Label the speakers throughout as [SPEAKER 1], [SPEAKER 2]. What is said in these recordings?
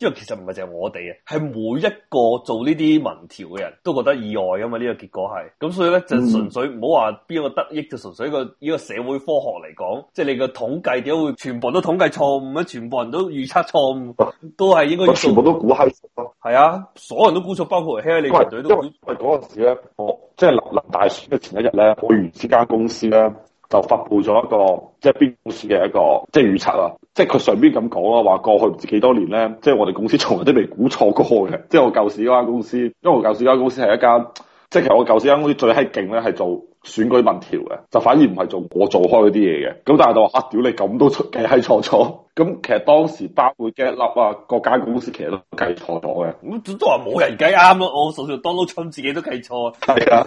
[SPEAKER 1] 因為其實唔係淨係我哋啊，係每一個做呢啲民調嘅人都覺得意外啊嘛，呢個結果係，咁所以咧就純粹唔好話邊個得益，就純粹一個呢個社會科學嚟講，即係你個統計點解會全部人都統計錯誤咧，全部人都預測錯誤，都係應該要做全部都估黑。係啊，所有人都估錯，包括希拉里團隊都估錯。
[SPEAKER 2] 因為嗰陣時咧，我即係立立大選嘅前一日咧，我遇呢間公司咧。就發布咗一個即係邊公司嘅一個即係預測啊，即係佢上邊咁講咯，話過去唔知幾多年咧，即係我哋公司從來都未估錯過嘅。即係我舊時嗰間公司，因為我舊時嗰間公司係一間，即係其實我舊時間公司最閪勁咧係做選舉民調嘅，就反而唔係做我做開嗰啲嘢嘅。咁但係就話嚇、啊，屌你咁都計係錯咗。咁其實當時包括嘅一粒啊，各間公司其實都計錯咗嘅。咁
[SPEAKER 1] 都話冇人計啱咯，我傻傻當勞侵自己都計錯。係啊。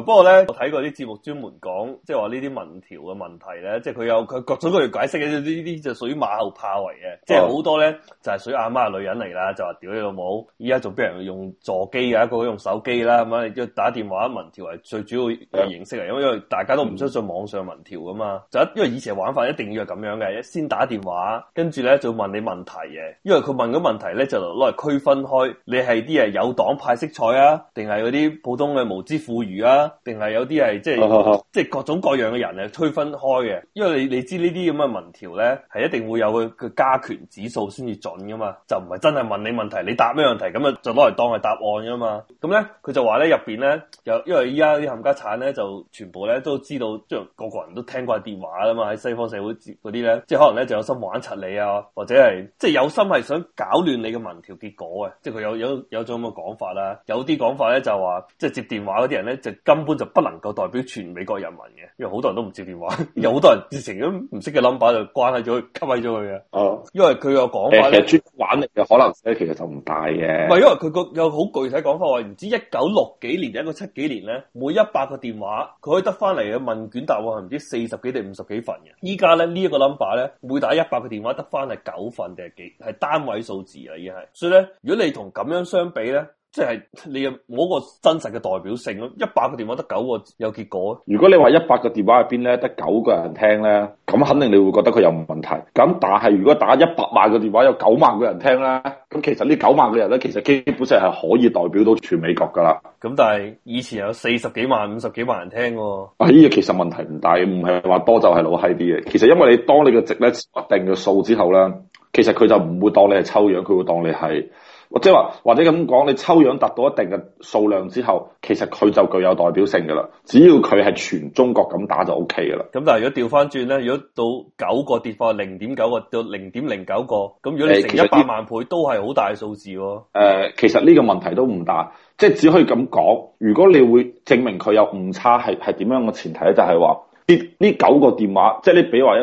[SPEAKER 1] 不過咧，我睇過啲節目專門講，即係話呢啲民調嘅問題咧，即係佢有佢各種佢嚟解釋嘅呢啲就屬於馬後炮嚟嘅，哦、即係好多咧就係、是、屬於阿媽女人嚟啦，就話屌你老母，依家仲俾人用座機啊，一個用手機啦，咁樣要打電話民調係最主要嘅形式嚟，因為大家都唔相信網上民調噶嘛，就因為以前玩法一定要係咁樣嘅，一先打電話，跟住咧就問你問題嘅，因為佢問嘅問題咧就攞嚟區分開你係啲係有黨派色彩啊，定係嗰啲普通嘅無知婦孺啊。定係有啲係即係即係各種各樣嘅人咧，推分開嘅，因為你你知呢啲咁嘅民調咧，係一定會有佢嘅加權指數先至準噶嘛，就唔係真係問你問題，你答咩問題咁啊，就攞嚟當係答案噶嘛。咁咧，佢就話咧入邊咧，有因為依家啲冚家鏟咧，就全部咧都知道，即係個個人都聽過電話啦嘛，喺西方社會接嗰啲咧，即係可能咧就有心玩柒你啊，或者係即係有心係想搞亂你嘅民調結果啊。即係佢有有有種咁嘅講法啦。有啲講法咧就話，即係接電話嗰啲人咧就。根本就不能夠代表全美國人民嘅，因為好多人都唔接電話， 有好多人直情都唔識嘅 number 就關係咗，佢，吸引咗佢嘅。哦，因為佢個講法咧，其實專玩嘅可能咧，其實就唔大嘅。唔係因為佢個有好具體講法話，唔知一九六幾年定一九七幾年咧，每一百個電話佢可以得翻嚟嘅問卷答案係唔知四十幾定五十幾份嘅。依家咧呢一個 number 咧，每打一百個電話得翻係九份定係幾係單位數字啦，已經係。所以咧，如果你同咁樣相比咧。即係你有冇個真實嘅代表性咯，一百個電話得九個有結果。如果你話一
[SPEAKER 2] 百個電話入邊咧，得九個人聽咧，咁肯定你會覺得佢有問題。咁但係如果打一百萬個電話有九萬個人聽啦。咁其實呢九萬個人咧，其實基本上係可以代表到全美國噶啦。
[SPEAKER 1] 咁但係以前有四十幾萬、五十幾萬人聽喎。
[SPEAKER 2] 啊、哎，呢個其實問題唔大，唔係話多就係老閪啲嘅。其實因為你當你嘅值咧一定嘅數之後咧，其實佢就唔會當你係抽樣，佢會當你係。或即係或者咁講，你抽樣達到一定嘅數量之後，其實佢就具有代表性㗎啦。只要佢係全中國咁打就 O K 㗎啦。
[SPEAKER 1] 咁但係如果調翻轉咧，如果到九個跌翻零點九個到零點零九個，咁如果你成一百萬倍都係好大數字喎。
[SPEAKER 2] 呃，其實呢個問題都唔大，即係只可以咁講。如果你會證明佢有誤差係係點樣嘅前提咧，就係話呢呢九個電話，即係呢比如話一。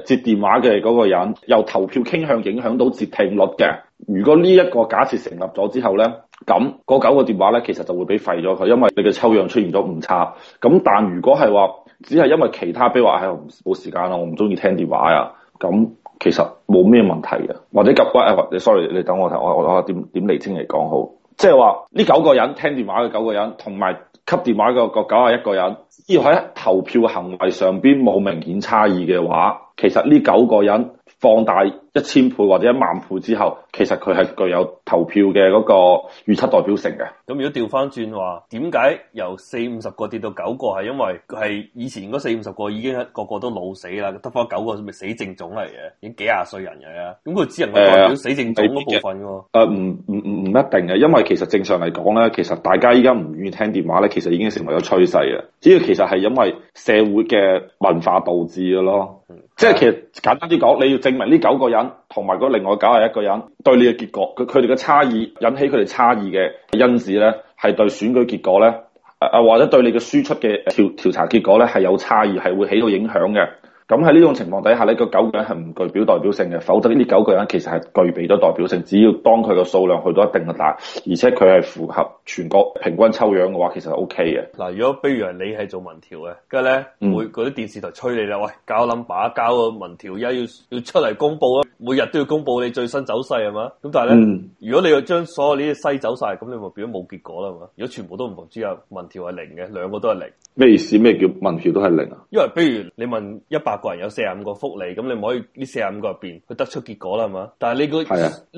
[SPEAKER 2] 接電話嘅嗰個人，由投票傾向影響到接聽率嘅。如果呢一個假設成立咗之後咧，咁嗰九個電話咧其實就會俾廢咗佢，因為你嘅抽樣出現咗誤差。咁但如果係話，只係因為其他比如話係冇時間啦，我唔中意聽電話啊，咁其實冇咩問題嘅。或者急話或者 sorry，你等我睇，我我點點釐清嚟講好？即係話呢九個人聽電話嘅九個人，同埋。給電話個九十一個人，要喺投票行為上邊冇明顯差異嘅話，其實呢九個人，放大一千倍或者一萬倍之後，其實佢係具有投票嘅嗰個預測代表性嘅。
[SPEAKER 1] 咁如果調翻轉話，點解由四五十個跌到九個，係因為佢係以前嗰四五十個已經個個都老死啦，得翻九個咪死症種嚟嘅，已經幾廿歲人嘅。咁佢只能代表死症種嗰部分嘅。誒、哎，唔唔
[SPEAKER 2] 唔唔一定嘅，因為其實正常嚟講咧，其實大家依家唔願意聽電話咧，其實已經成為咗趨勢啦。只要其實係因為社會嘅文化導致嘅咯。即係其實簡單啲講，你要證明呢九個人同埋另外九十一個人，對你嘅結果，佢佢哋嘅差異引起佢哋差異嘅因子咧，係對選舉結果咧，誒或者對你嘅輸出嘅調調查結果咧係有差異，係會起到影響嘅。咁喺呢種情況底下呢個九個人係唔具表代表性嘅。否則呢啲九個人其實係具備咗代表性，只要當佢個數量去到一定嘅大，而且佢係符合全國平均抽樣嘅話，其實 O K 嘅。
[SPEAKER 1] 嗱，如果比如話你係做民調嘅，跟住咧每嗰啲電視台催你啦，喂，交諗把，交個民調，而家要要出嚟公佈啦，每日都要公佈你最新走勢係嘛？咁但係咧，嗯、如果你要將所有呢啲篩走晒，咁你咪變咗冇結果啦係嘛？如果全部都唔同之下，民調係零嘅，兩個都係零。
[SPEAKER 2] 咩意思？咩叫民調都係零啊？
[SPEAKER 1] 因為譬如你問一百八個人有四十五個福利，咁你唔可以呢四十五個入邊去得出結果啦，係嘛？但係你個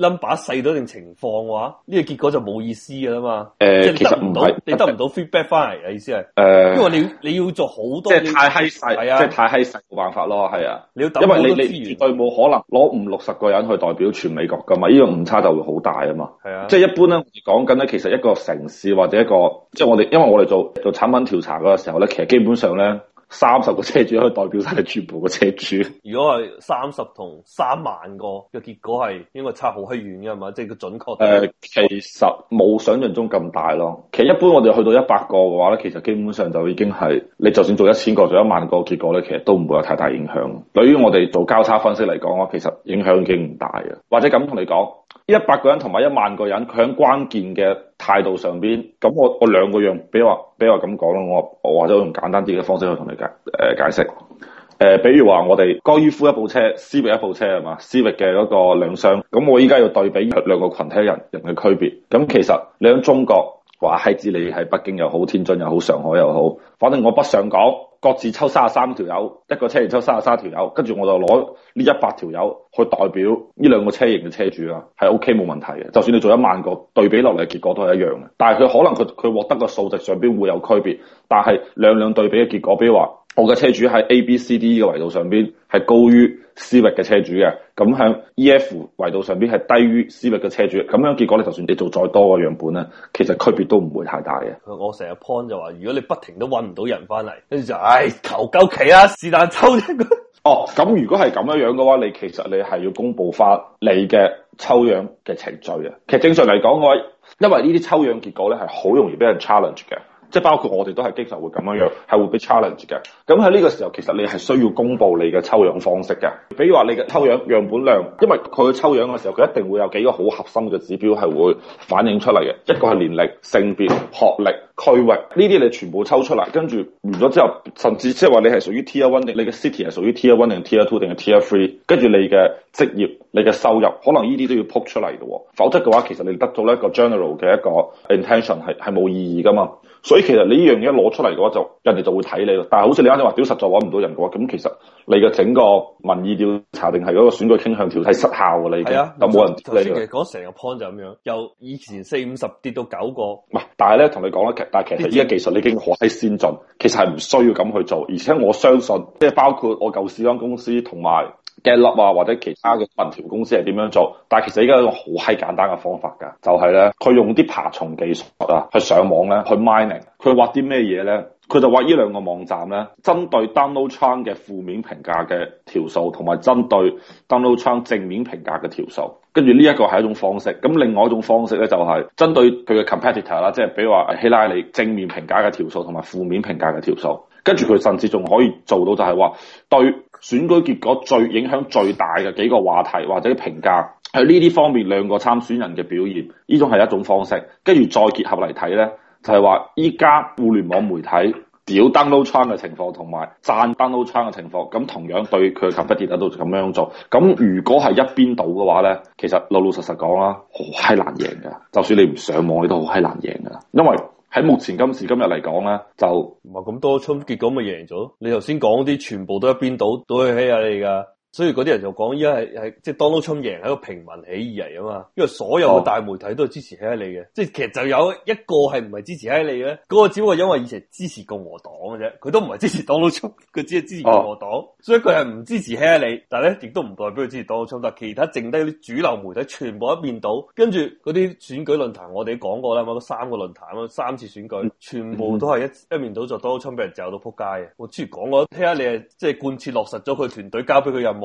[SPEAKER 1] number 細到一定情況嘅話，呢、這個結果就冇意思噶啦嘛。誒、呃，即係得唔到，呃、你得唔到 feedback 翻嚟嘅意思係？誒，因為你你要做好多，即係太細，係啊，即係太閪細，冇辦法咯，係啊。你要
[SPEAKER 2] 資源，因為你你絕對冇可能攞五六十個人去代表全美國噶嘛，呢個誤差就會好大啊嘛。係啊、嗯，即係、嗯、一般咧，講緊咧，其實一個城市或者一個，即、就、係、是、我哋，因為我哋做我哋做產品調查嘅時候咧，其實基本上咧。三十個車主可以代表晒你全部嘅車主。
[SPEAKER 1] 如果係三十同三萬個嘅結果係應該差好閪遠嘅，係咪？即係佢準確，確？誒、呃，
[SPEAKER 2] 其實冇想象中咁大咯。其實一般我哋去到一百個嘅話咧，其實基本上就已經係你就算做一千個、做一萬個，結果咧其實都唔會有太大影響。對於我哋做交叉分析嚟講嘅話，其實影響已經唔大嘅。或者咁同你講，一百個人同埋一萬個人，佢喺關鍵嘅。態度上邊咁，我我兩個樣，比如話，比如話咁講啦，我或者我用簡單啲嘅方式去同你解誒、呃、解釋誒、呃，比如話我哋高爾夫一部車，思域一部車係嘛，思域嘅嗰個兩廂，咁我依家要對比兩兩個羣體人人嘅區別，咁其實你喺中國。話嗨，知你喺北京又好，天津又好，上海又好，反正我不想講，各自抽三十三條友，一個車型抽三十三條友，跟住我就攞呢一百條友去代表呢兩個車型嘅車主啦，係 OK 冇問題嘅。就算你做一萬個對比落嚟嘅結果都係一樣嘅，但係佢可能佢佢獲得嘅數值上邊會有區別，但係兩兩對比嘅結果，比如話我嘅車主喺 A、B、C、D 嘅維度上邊係高於思域嘅車主嘅。咁喺 E.F. 維度上邊係低於 C 域嘅車主，咁樣結果咧，就算你做再多個樣本咧，其實區別都唔會太大嘅。
[SPEAKER 1] 我成日 point 就話，如果你不停都揾唔到人翻嚟，跟住就，唉，求其啊！是但抽呢個 哦，
[SPEAKER 2] 咁如果係咁樣樣嘅話，你其實你係要公布翻你嘅抽樣嘅程序啊。其實正常嚟講，我因為呢啲抽樣結果咧，係好容易俾人 challenge 嘅。即係包括我哋都係經常會咁樣樣，係會俾 challenge 嘅。咁喺呢個時候，其實你係需要公布你嘅抽樣方式嘅。比如話你嘅抽樣樣本量，因為佢抽樣嘅時候，佢一定會有幾個好核心嘅指標係會反映出嚟嘅。一個係年齡、性別、學歷、區域呢啲，你全部抽出嚟，跟住完咗之後，甚至即係話你係屬於 Tier 1定你嘅 city 係屬於 Tier 1定 Tier 2定係 Tier 3。跟住你嘅職業，你嘅收入，可能呢啲都要撲出嚟嘅、哦，否則嘅話，其實你得到一個 general 嘅一個 intention 係係冇意義噶嘛。所以其實你呢樣嘢攞出嚟嘅話，就人哋就會睇你咯。但係好似你啱先話，屌，實在實在揾唔到人嘅話，咁其實你嘅整個民意調查定係嗰個選舉傾向調係失效㗎，你已經就冇、啊、人嚟嘅。頭先其實
[SPEAKER 1] 講成個 point 就咁樣，由以前四五十跌到九個，唔係，但係咧同你講咧，但係其實依個技術
[SPEAKER 2] 已經好閪先進，其實係唔需要咁去做，而且我相信，即係包括我舊時間公司同埋。Gallup 啊，或者其他嘅民調公司係點樣做？但係其實而家有一種好閪簡單嘅方法㗎，就係、是、咧，佢用啲爬蟲技術啊，去上網咧，去 mining，佢挖啲咩嘢咧？佢就挖呢兩個網站咧，針對 Donald Trump 嘅負面評價嘅條數，同埋針對 Donald Trump 正面評價嘅條數。跟住呢一個係一種方式，咁另外一種方式咧就係、是、針對佢嘅 competitor 啦，即係比如話希拉里正面評價嘅條數，同埋負面評價嘅條數。跟住佢甚至仲可以做到就係話對選舉結果最影響最大嘅幾個話題或者評價。喺呢啲方面兩個參選人嘅表現呢種係一種方式。跟住再結合嚟睇咧，就係話依家互聯網媒體屌 download 嘅情況同埋讚 download 嘅情況，咁同樣對佢 candidate 都咁樣做。咁如果係一邊倒嘅話咧，其實老老實實講啦，好閪難贏嘅。
[SPEAKER 1] 就算你唔上網，你都好閪難贏噶啦，因為。喺目前今時今日嚟講咧，就唔係咁多，川普結果咪贏咗。你頭先講啲全部都一邊倒，倒去欺下、啊、你噶。所以嗰啲人就講依家係係即係 Donald Trump 贏係個平民起義嚟啊嘛，因為所有嘅大媒體都支持 Hillary 嘅，即係其實就有一個係唔係支持 Hillary 咧，嗰、嗰個只不過因為以前支持共和黨嘅啫，佢都唔係支持 Donald Trump，佢只係支持共和黨，啊、所以佢係唔支持 Hillary 但係咧亦都唔代表佢支持 Donald Trump，但係其他剩低啲主流媒體全部一面倒，跟住嗰啲選舉論壇我哋講過啦，我都三個論壇啦，三次選舉全部都係一一面倒，就 Donald Trump 俾人走到撲街嘅。我之前講過 Hillary 係即係貫徹落實咗佢團隊交俾佢任務。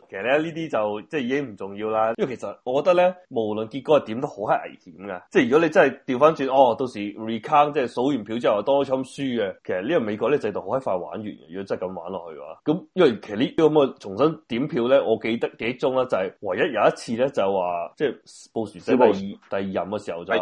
[SPEAKER 1] 其實咧呢啲就即係已經唔重要啦，因為其實我覺得咧，無論結果係點都好係危險噶即係如果你真係調翻轉，哦，到時 recount 即係數完票之後 Donald Trump 輸嘅，其實呢個美國咧制度好快玩完。如果真係咁玩落去嘅話，咁因為其實呢咁啊重新點票咧，我記得記憶中咧就係、是、唯一有一次咧就話，即係布殊仔第二，雲第二任嘅時候就，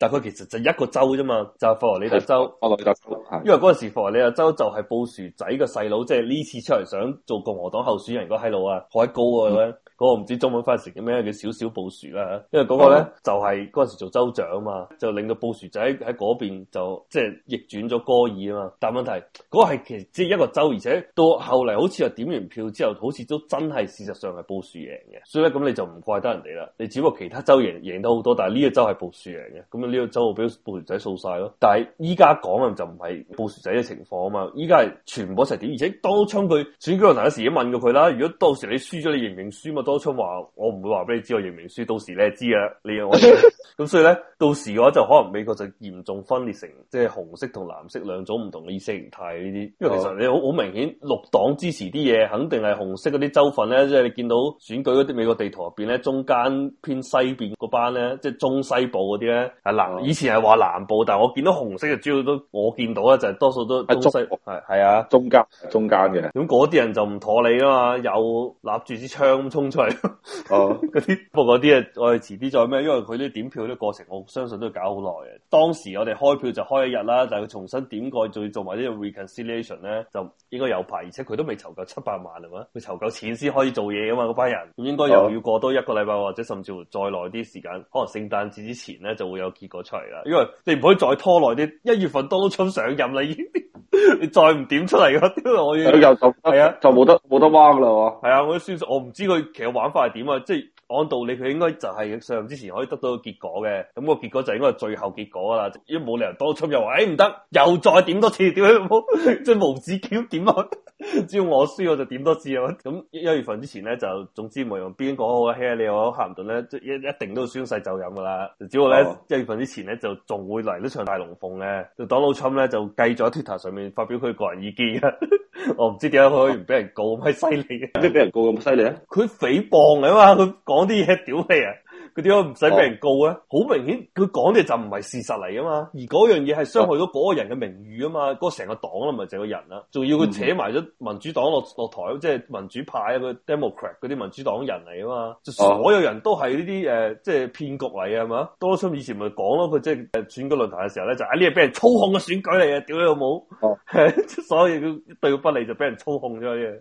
[SPEAKER 1] 但係佢其實就一個州啫嘛，就是、佛羅里達州。佛羅里達州，因為嗰陣時佛羅里達州就係布殊仔嘅細佬，即係呢次出嚟想做共和黨候選人嗰個閪佬啊。高啊！嗰個唔知中文翻譯成叫咩叫小小布殊啦，因為嗰個咧就係嗰陣時做州長啊嘛，就令到布殊仔喺嗰邊就即係、就是、逆轉咗戈爾啊嘛。但係問題嗰、那個係其實即係一個州，而且到後嚟好似係點完票之後，好似都真係事實上係布殊贏嘅。所以咧咁你就唔怪得人哋啦，你只不過其他州贏贏得好多，但係呢個州係布殊贏嘅，咁呢個州俾布殊仔掃晒咯。但係依家講啊就唔係布殊仔嘅情況啊嘛，依家係全部一齊點，而且當初佢選舉人一時間已經問過佢啦，如果到時你輸咗，你認唔認輸嘛？多出話，我唔會話俾你知我認明書，到時你係知啊。你咁 所以咧，到時嘅話就可能美國就嚴重分裂成即係、就是、紅色同藍色兩種唔同嘅意識形態呢啲。因為其實你好好明顯，綠黨支持啲嘢，肯定係紅色嗰啲州份咧。即、就、係、是、你見到選舉嗰啲美國地圖入邊咧，中間偏西邊嗰班咧，即係中西部嗰啲咧係南。哦、以前係話南部，但係我見到紅色就主要都我見到咧，就係多數都中西部係係中啊中，中間中間嘅。咁嗰啲人就唔妥你啊嘛，有立住支槍衝。就哦，嗰啲不過啲啊，huh. 我哋遲啲再咩？因為佢啲點票啲過程，我相信都係搞好耐嘅。當時我哋開票就開一日啦，但係佢重新點過，再做埋啲 reconciliation 咧，就應該有排。而且佢都未籌夠七百萬啊嘛，佢籌夠錢先可以做嘢啊嘛，嗰班人咁應該又要過多一個禮拜，或者甚至乎再耐啲時間，可能聖誕節之前咧就會有結果出嚟啦。因為你唔可以再拖耐啲，一月份多都出上任啦已經。 你 再唔點出嚟㗎， 我佢要又就係啊，就冇得冇得掹啦，係啊！我都算我唔知佢其實玩法係點啊，即係按道理佢應該就係上之前可以得到個結果嘅，咁、個結果就應該係最後結果啦。因為冇理由當初又話，哎唔得，又再點多次，點樣即係無止境點啊？點哎 只要我輸我就點都知。啊！咁一月份之前咧就總之無用邊個我 hea 你我咸唔到咧，一一定都宣誓就任噶啦。只不過咧一月份之前咧就仲會嚟呢場大龍鳳咧，就當老春咧就繼續喺 Twitter 上面發表佢個人意見。 我唔知點解佢可以唔俾人告咁犀利嘅，點解俾人告咁犀利啊？佢誹謗啊嘛，佢講啲嘢屌屁啊！佢點解唔使俾人告咧？好、oh. 明顯佢講嘅就唔係事實嚟啊嘛，而嗰樣嘢係傷害咗嗰個人嘅名譽啊嘛，嗰成、oh. 個黨啦，咪就個人啦，仲要佢扯埋咗民主黨落落台，mm hmm. 即係民主派啊，佢 Democrat 嗰啲民主黨人嚟啊嘛，oh. 就所有人都係呢啲誒，即係騙局嚟啊嘛，oh. 多春以前咪講咯，佢即係選舉論壇嘅時候咧，就呢啲係俾人操控嘅選舉嚟啊，屌你老母，oh. 所以佢對佢不利就俾人操控咗嘅。